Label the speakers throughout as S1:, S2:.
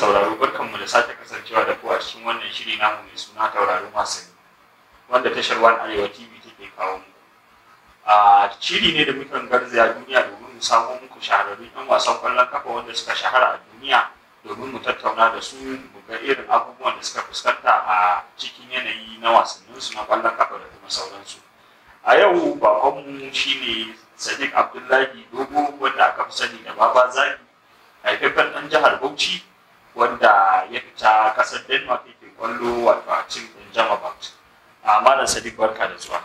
S1: sauraro barkanmu da sake kasancewa da ku a cikin wannan shiri namu mai suna taurarin wasanni wanda tashar wani arewa tv take kawo mu a shiri ne da mukan garzaya duniya domin mu samo muku shahararrun yan wasan kwallon kafa wanda suka shahara a duniya domin mu tattauna da su mu ga irin abubuwan da suka fuskanta a cikin yanayi na wasanninsu na kwallon kafa da kuma sauransu a yau bakonmu shine sadiq abdullahi dogo wanda aka fi sani da baba zagi haifaffen ɗan jihar bauchi wanda ya fita kasar denmark yake kwallo wato a cin jama bat a ah, malam sadiq barka da zuwa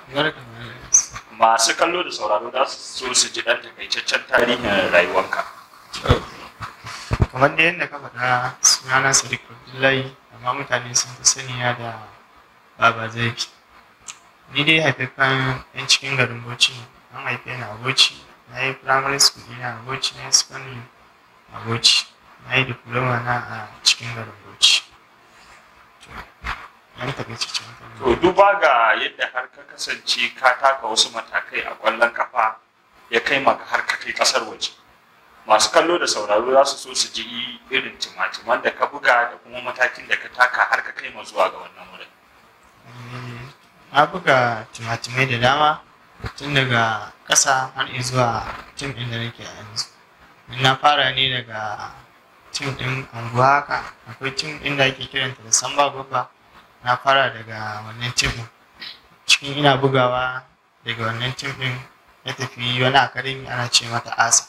S1: masu kallo da sauraro za su so su ji dan takaitaccen tarihin rayuwanka
S2: kamar da yadda ka faɗa sunana sadiq abdullahi amma mutane sun fi saniya da baba zafi ni dai haifafan yan cikin garin bauchi an haife ni a bauchi na yi primary school ina a bauchi na yi secondary a bauchi na yi diploma na a cikin garin bauchi to
S1: duba ga yadda har ka kasance ka taka wasu matakai a kwallon kafa ya kai maka har ka kai kasar waje masu kallo da sauraro za su so su ji irin timatiman da ka buga da kuma matakin da ka taka har ka kai ma zuwa ga wannan wurin
S2: na buga timatimai da dama tun daga ƙasa har zuwa tim inda nake a yanzu na fara ne daga
S1: tim ɗin anguwa
S2: haka akwai tim ɗin da ake kiranta da samba babba na fara daga wannan tim ɗin cikin ina bugawa daga wannan tim ɗin na tafi wani akademi ana ce mata asa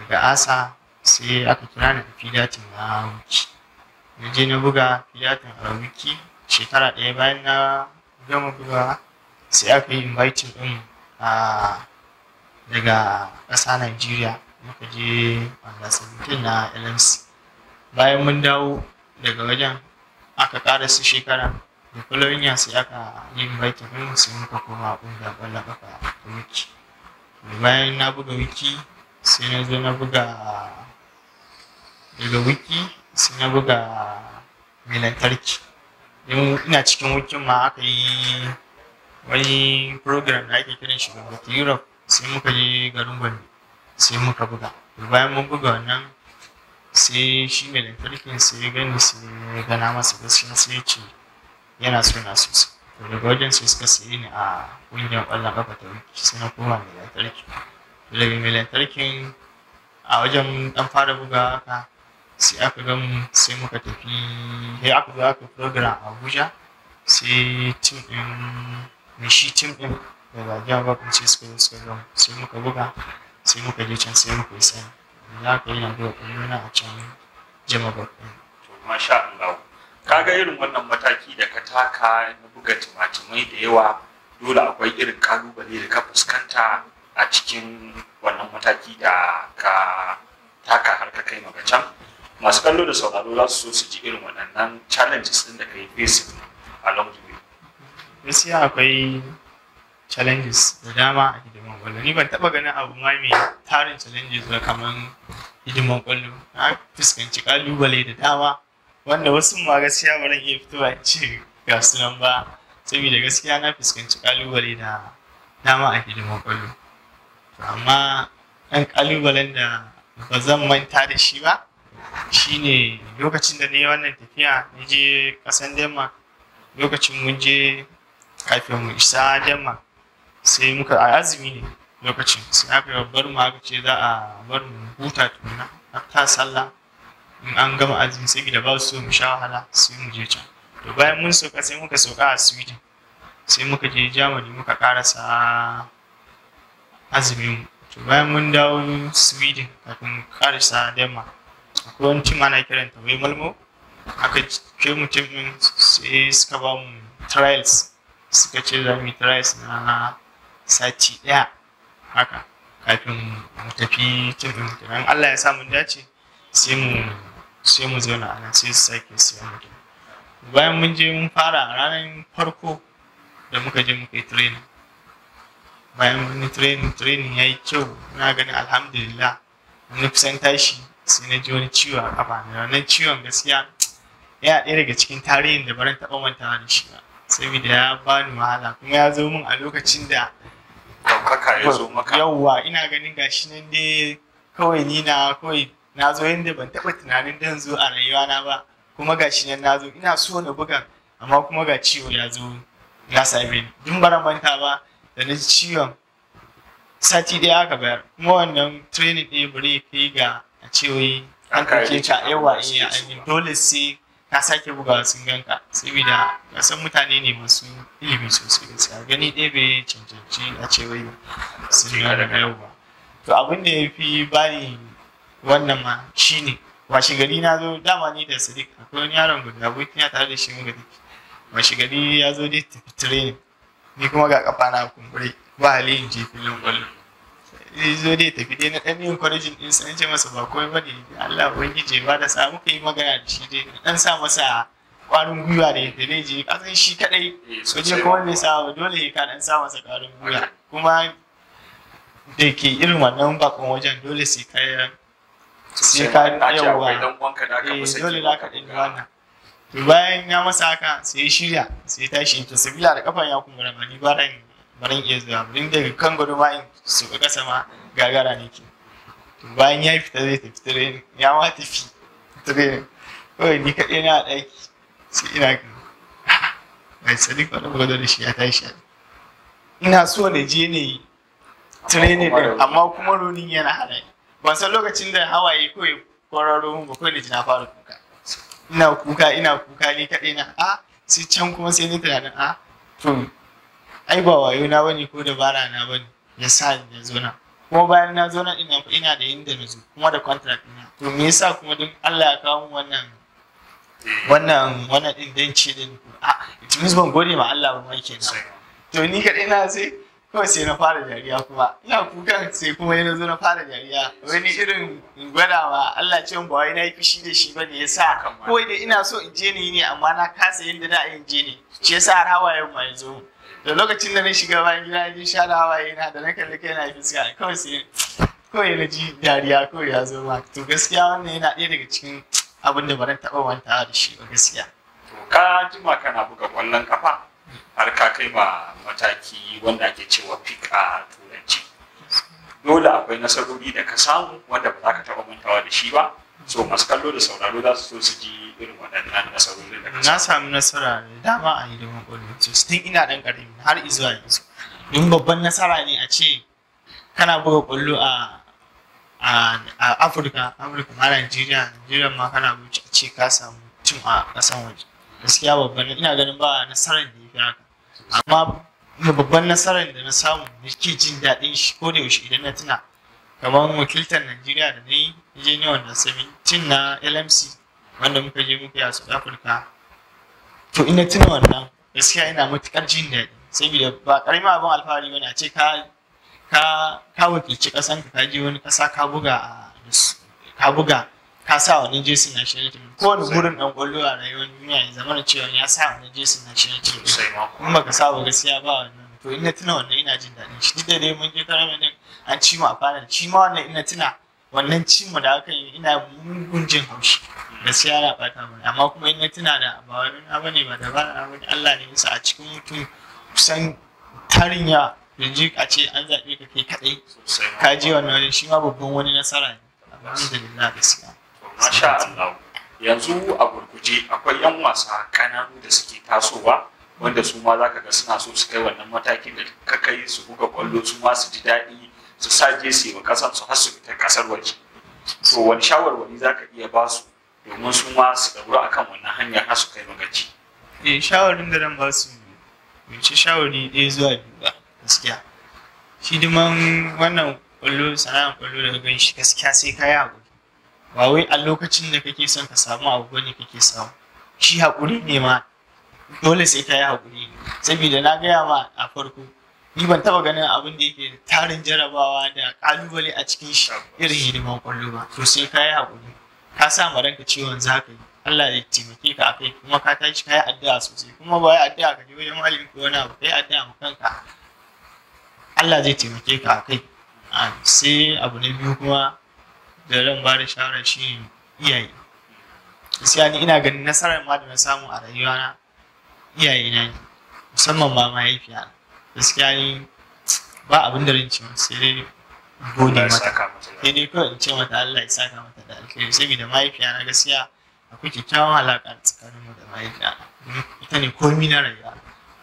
S2: daga asa sai aka kira ni da fidatin na wiki na je na buga fidatin a wiki shekara ɗaya bayan na gama bugawa sai aka yi inviting ɗin ah, daga ƙasa Najeriya muka je wannan na LMC bayan mun dawo daga wajen aka ƙara su shekara da following year sai aka yi invite mu sai muka koma ƙunga ƙwallon ƙafa ta wiki bayan na buga wiki sai na zo na buga
S1: daga wiki
S2: sai na buga mai lantarki ina cikin wikin ma aka yi wani program da ake kiran shi gwamnati europe sai muka je garin gwamnati sai muka buga bayan mun buga wannan sai shi mai lantarkin sai ya gani sai gana masa gaskiya sai ya ce
S1: yana so na sosai to daga wajen
S2: sai suka sayi ni a ƙungiyar ƙwallon ƙafa ta wiki sai na koma mai lantarki daga mai lantarkin a wajen ɗan fara buga haka sai aka gan sai muka tafi sai aka zo aka program a abuja sai tim ɗin shi tim ɗin daga jihar bakon sai suka zo suka gan sai muka buga sai muka je can sai muka yi sai za ka na bai wa a can jima bakwai.
S1: to masha Allah ka ga irin wannan mataki da ka taka na buga tumatumai da yawa dole akwai irin kalubale da ka fuskanta a cikin wannan mataki da ka taka har ka kai maka can masu kallo da sauraro za su so su ji irin waɗannan challenges ɗin da ka yi facing a long way
S2: gaskiya akwai challenges da dama a hidiman kwallo ni ban taba ganin abu ma mai tarin challenges ba kamar hidiman kwallo na fuskanci kalubale da dama wanda wasu ma gaskiya ba zan iya fitowa ce ga su ba saboda gaskiya na fuskanci kalubale da dama a hidiman kwallo amma ɗan kalubalen da ba zan manta da shi ba shine lokacin da ne wannan tafiya na je ƙasan denmark lokacin mun je kafin mu isa denmark sai muka a azumi ne lokacin sai aka bar mu aka ce za a bar mu huta tukuna ta sallah in an gama azumi sai gida ba su mu sha wahala sai mu je can to bayan mun soka sai muka soka a sweden sai muka je jamani muka karasa azumin mu to bayan mun dawo sweden kafin karasa denmark akwai wani tim ana ta, wai malmo aka ke mu sai suka ba mu trials suka ce za mu yi trials na sati ɗaya haka kafin mu tafi tudun Allah ya sa mun dace sai mu sai mu zauna ana sai su sake siya mu bayan mun je mun fara ranar farko da muka je muka yi training bayan wani training training ya yi kyau na ganin alhamdulillah wani kusan tashi sai na ji wani ciwo a kafa na ranar ciwon gaskiya ya ɗaya daga cikin tarihin da baran taɓa mantawa da shi ba sabida ya bani wahala kuma ya zo mun a lokacin da ɗaukaka
S1: ya zo maka yawwa
S2: ina ganin gashi nan dai kawai ni na kawai na zo yadda ban taɓa tunanin dan zo a rayuwana ba kuma gashi nan na zo ina so na buga amma kuma ga ciwo ya zo ya same ni dun bara manta ba da na ciwon sati ɗaya aka bayar kuma wannan training ɗaya bare kai ga a ce an kace ka yawa iya eh, dole sai ka sake bugawa sun ganka saboda ka san mutane ne masu ilimi sosai gaskiya gani ɗaya bai cancanci a ce wai sun ga daga yau ba to abin da ya fi bani wannan ma shine washe gari na zo dama ni da sadiq akwai wani yaron guda abokin ya tare da shi muka tafi washe gari ya zo dai tafi training ni kuma ga kafa na kumbure ba halin je filin kwallo zai zo dai tafi dai na ɗan yin kwarajin ɗin san ce masa ba komai bane Allah ubangiji ba da sa muka yi magana da shi dai ɗan sa masa kwarin gwiwa da yadda zai je kasan shi kadai soje ko wanda ya sa dole ya ka ɗan sa masa kwarin gwiwa kuma da ke irin wannan bakon wajen dole sai ka sai ka yawwa eh, dole za ka ɗin wannan to bayan ya masa haka sai shirya sai tashi to sabila da kafan ya kumbura ba ni ba ran barin iya zuwa in daga kan gudu bayan su ga kasa ma gagara ne ke bayan ya fita zai tafi training ya ma tafi training kawai ni kaɗai na ɗaki sai ina mai sadiq wani gudu da shi ya tashi ina so na je ne training din amma kuma ronin yana hana ban san lokacin da hawaye kawai kwararo mun ba kawai da ji na fara kuka ina kuka ina kuka ni kaɗai na a sai can kuma sai ni tunanin a ai ba wayo na bane ko dabara na bane ya sa na zo na kuma bayan na zo na ina ina da inda na zo kuma da contract na to me yasa kuma don Allah ya kawo wannan wannan wannan din dan ce din a ah, it means ban gode ma Allah ba mai kenan to ni kadai na sai kuma sai na fara dariya kuma ina kukan sai kuma yana zo na fara dariya wani irin gwadawa Allah ce ba wai na yi fushi da shi ba ne yasa kawai da ina so in je ni ne amma na kasa yadda da yin je ne shi yasa har hawayen ma ya zo da lokacin da na shiga bayan gida ji sha da hawaye na da na kalli kai na fuska kawai sai kawai na ji dariya kawai ya zo ma to gaskiya wannan yana ɗaya daga cikin abin da baran taɓa wanta da shi ba gaskiya.
S1: ka jima kana buga ƙwallon kafa har ka kai ma mataki wanda ake cewa fik a turanci dole akwai nasarori da ka samu wanda ba za ka taɓa mantawa da shi ba so masu kallo da sauraro za su so su ji irin
S2: na sami nasara da dama a hidimin olympics tun ina ɗan ƙarami har izuwa yanzu don babban nasara ne a ce kana buga ƙwallo a a afirka afirka ma najeriya najeriya ma kana buga a ce ka samu cin a ƙasan waje gaskiya babban ina ganin ba nasarar da ya fi haka amma babban nasarar da na samu na ke jin daɗin shi ko da yaushe idan na tuna kamar wakiltar najeriya da na yi na je ne wanda 17 na lmc wanda muka je muka yi a South Africa to ina tuna wannan gaskiya ina matukar jin daɗi saboda ba ƙaramin abin alfahari bane a ce ka ka ka wakilci kasan ka ka je wani ƙasa ka buga ka buga ka sa wani Jesu na shirin Ko wani gurin ɗan ƙwallo a rayuwar duniya ya zama na cewa ya sa wani Jesu na shirin team in ba ka sa gaskiya ba wannan to ina tuna wannan ina jin daɗin shi duk da dai mun je karamin an ci mu a fara ci ma wannan ina tuna wannan cin mu da aka yi ina mugun jin haushi gaskiya na fata mana amma kuma ina tuna da ba wani na bane ba da ba wani Allah ne yasa a cikin mutum kusan tarin ya yanzu a ce
S1: an zaɓe ka kai kaɗai ka je wannan wajen
S2: shi ma babban wani nasara ne alhamdulillah
S1: gaskiya masha Allah yanzu a gurguje akwai yan wasa kananu da suke tasowa wanda su ma zaka ga suna so su kai wannan matakin da ka kai su buga kwallo su ma su ji daɗi su sa su yi wa ƙasar su har su fita ƙasar waje to wani shawarwari zaka iya ba su domin su ma su a kan wannan hanyar har su kai magaci.
S2: eh shawarin da ran ba su wuce shawari ɗaya zuwa biyu
S1: ba gaskiya
S2: shi duman wannan ƙwallo sana'ar kwallo daga gan shi gaskiya sai ka yi ba wai a lokacin da kake son ka samu abu ne kake samu shi haƙuri ne ma dole sai ka yi haƙuri saboda na gaya ma a farko ni ban taba ganin abin da yake tarin jarabawa da ƙalubale a cikin shi irin hidiman kwallo ba to sai ka yi haƙuri ka sa ma ranka ciwon za yi Allah zai taimake ka akai kuma ka tashi ka yi addu'a sosai kuma ba yi addu'a ka je wajen malami ko wani abu ka yi addu'a ma kanka Allah zai taimake ka akai ah, sai abu na biyu kuma da zan ba da shawarar shi iyaye gaskiya ni ina ganin nasarar ma da na samu a rayuwana iyaye na ne musamman ma mahaifiya gaskiya ni ba abin da rinci sai dai gode mata sai dai kawai in ce mata Allah ya saka mata da alkhairi saboda mahaifiya na gaskiya akwai kyakkyawan alaƙa tsakanin mu da mahaifiya ita ne komi na rayuwa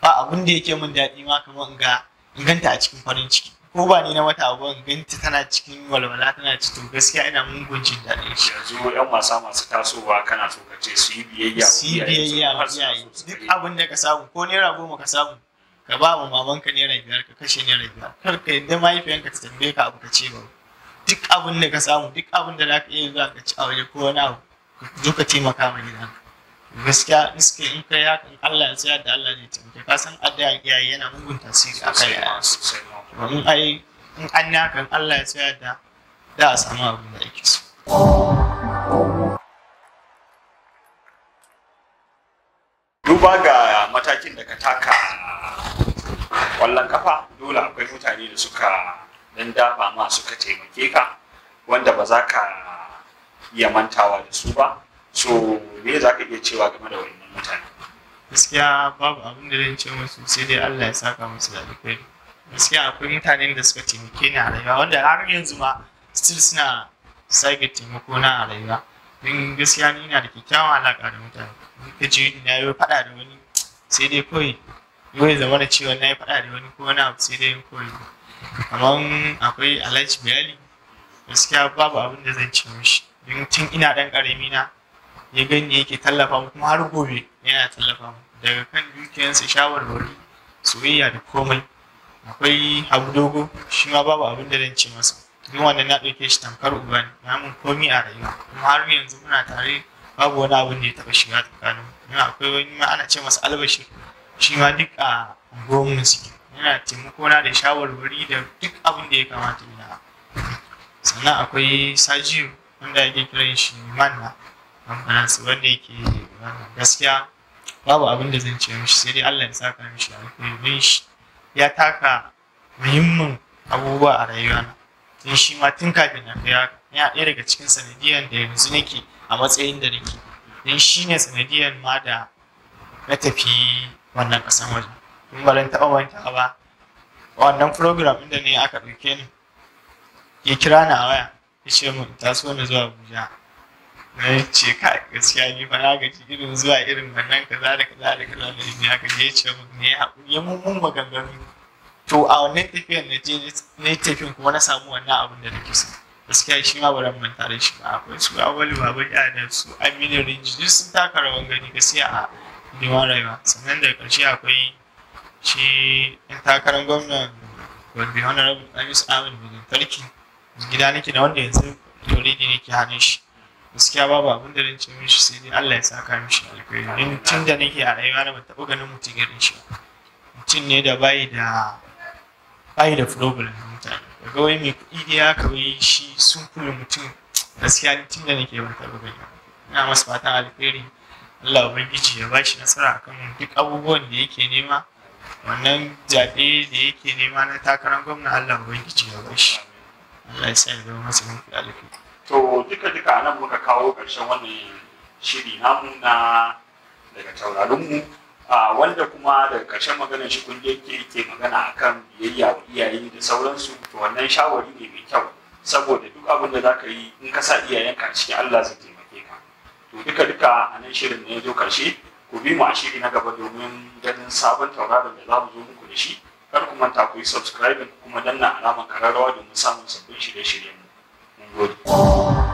S2: ba abin da yake min daɗi ma kamar in ga in ganta a cikin farin ciki ko ba ni na mata abu in ganta tana cikin walwala tana cikin gaskiya ina mungun jin daɗin
S1: shi yanzu yan wasa masu tasowa kana so ka ce su yi biyayya su yi biyayya
S2: duk abin da ka samu ko naira goma ka samu ka ba wa mamanka naira biyar ka kashe naira biyar kar ka yadda mahaifiyanka ta tambaye ka abu ka ce ba duk abin da ka samu duk abin da za ka iya zuwa ka ci a waje ko wani abu ka zo ka taimaka ma gidanka gaskiya iske in ya kan Allah ya tsaya da Allah ne taimake ka san addu'a iyaye yana mugun tasiri a kai a ai in an yi kan Allah ya tsaya da da a samu abin da ake so.
S1: haka dole akwai mutane da suka dan daba ma suka taimake ka wanda ba za ka iya mantawa da su ba so me za ka iya cewa game da wannan mutane
S2: gaskiya babu abin da zan ce musu sai dai Allah ya saka musu da alkhairi gaskiya akwai mutane da suka taimake ni a rayuwa wanda har yanzu ma still suna sake taimako na a rayuwa don gaskiya ni na da kyakkyawan alaƙa da mutane in ka ji na yi faɗa da wani sai dai kawai Kuma ya zama da cewa na yi faɗa da wani ko wani abu sai dai Kamar amma akwai alhaji biyali gaskiya babu abin da zan ci mishi don tun ina ɗan ƙarami na ya gani yake tallafa mu kuma har gobe yana tallafa mu daga kan dukiyarsa shawarwari soyayya da komai akwai abu dogo shi ma babu abin da zan ce masa duk wanda na ɗauke shi tamkar uba ne ya mun komi a rayuwa kuma har yanzu muna tare babu wani abin da ya taɓa shiga tsakanin mu akwai wani ma ana ce masa albashi. shi ma duk a gwamnati suke yana taimako na da shawarwari da duk abin da ya kamata na sannan akwai sajiyu wanda ake kiran shi manna kamfanin su wanda yake gaskiya babu abin da zan ce mishi sai dai Allah ya ka mishi rufe don shi ya taka muhimmin abubuwa a rayuwana tun shi ma tun kafin na kai haka ya ɗaya daga cikin sanadiyan da yanzu nake a matsayin da nake don shi ne sanadiyan ma da na tafi wannan kasan waje in ba zan taɓa manta ba wannan program inda ne aka ɗauke ni ya kira ni a waya ya ce mu taso ni zuwa Abuja na yi ce ka gaskiya ni ba na gaji irin zuwa irin wannan kaza da kaza da kaza da ya haka ya ce mu ne haƙuri ya mummun maganganu to a wannan tafiyar na je na yi tafiyan kuma na samu wannan abin da nake so gaskiya shi ma ba ran manta da shi ba akwai su awali baba da su aminu rinji duk sun taka rawan gani gaskiya a neman rayuwa sannan daga ƙarshe akwai shi yan takarar gwamnan wanda honorable amis amin mai tarki gida nake da wanda yanzu already nake hannun shi gaskiya babu abin da zan ce mishi sai dai Allah ya saka mishi alkhairi in tun da nake a rayuwa na ban taɓa ganin mutum irin shi mutum ne da bayi da bayi da problem mutane daga wai mai kuɗi da ya kawai shi sun kula mutum gaskiya ni tun da nake ban taɓa gani ina masu fatan alkhairi Allah ubangiji ya bashi nasara kan duk abubuwan da yake nema wannan zaɓe da yake nema na takarar gwamna Allah ubangiji ya bashi Allah ya sa ya zama masa mafi alfi
S1: to duka duka nan muka kawo ƙarshen wannan shiri namu na daga taurarinmu wanda kuma daga ƙarshen maganar shi kun yake ke magana akan biyayya wa iyaye da sauransu to wannan shawari ne mai kyau saboda duk abin da za ka yi in ka sa iyayenka a cikin Allah zai to duka duka a nan shirin ne ya zo karshe ku bi mu a shiri na gaba domin ganin sabon tauraron da za mu zo muku da shi kar ku manta ku yi subscribing kuma danna alamar kararrawa domin samun sabbin shirye-shiryen mu mun gode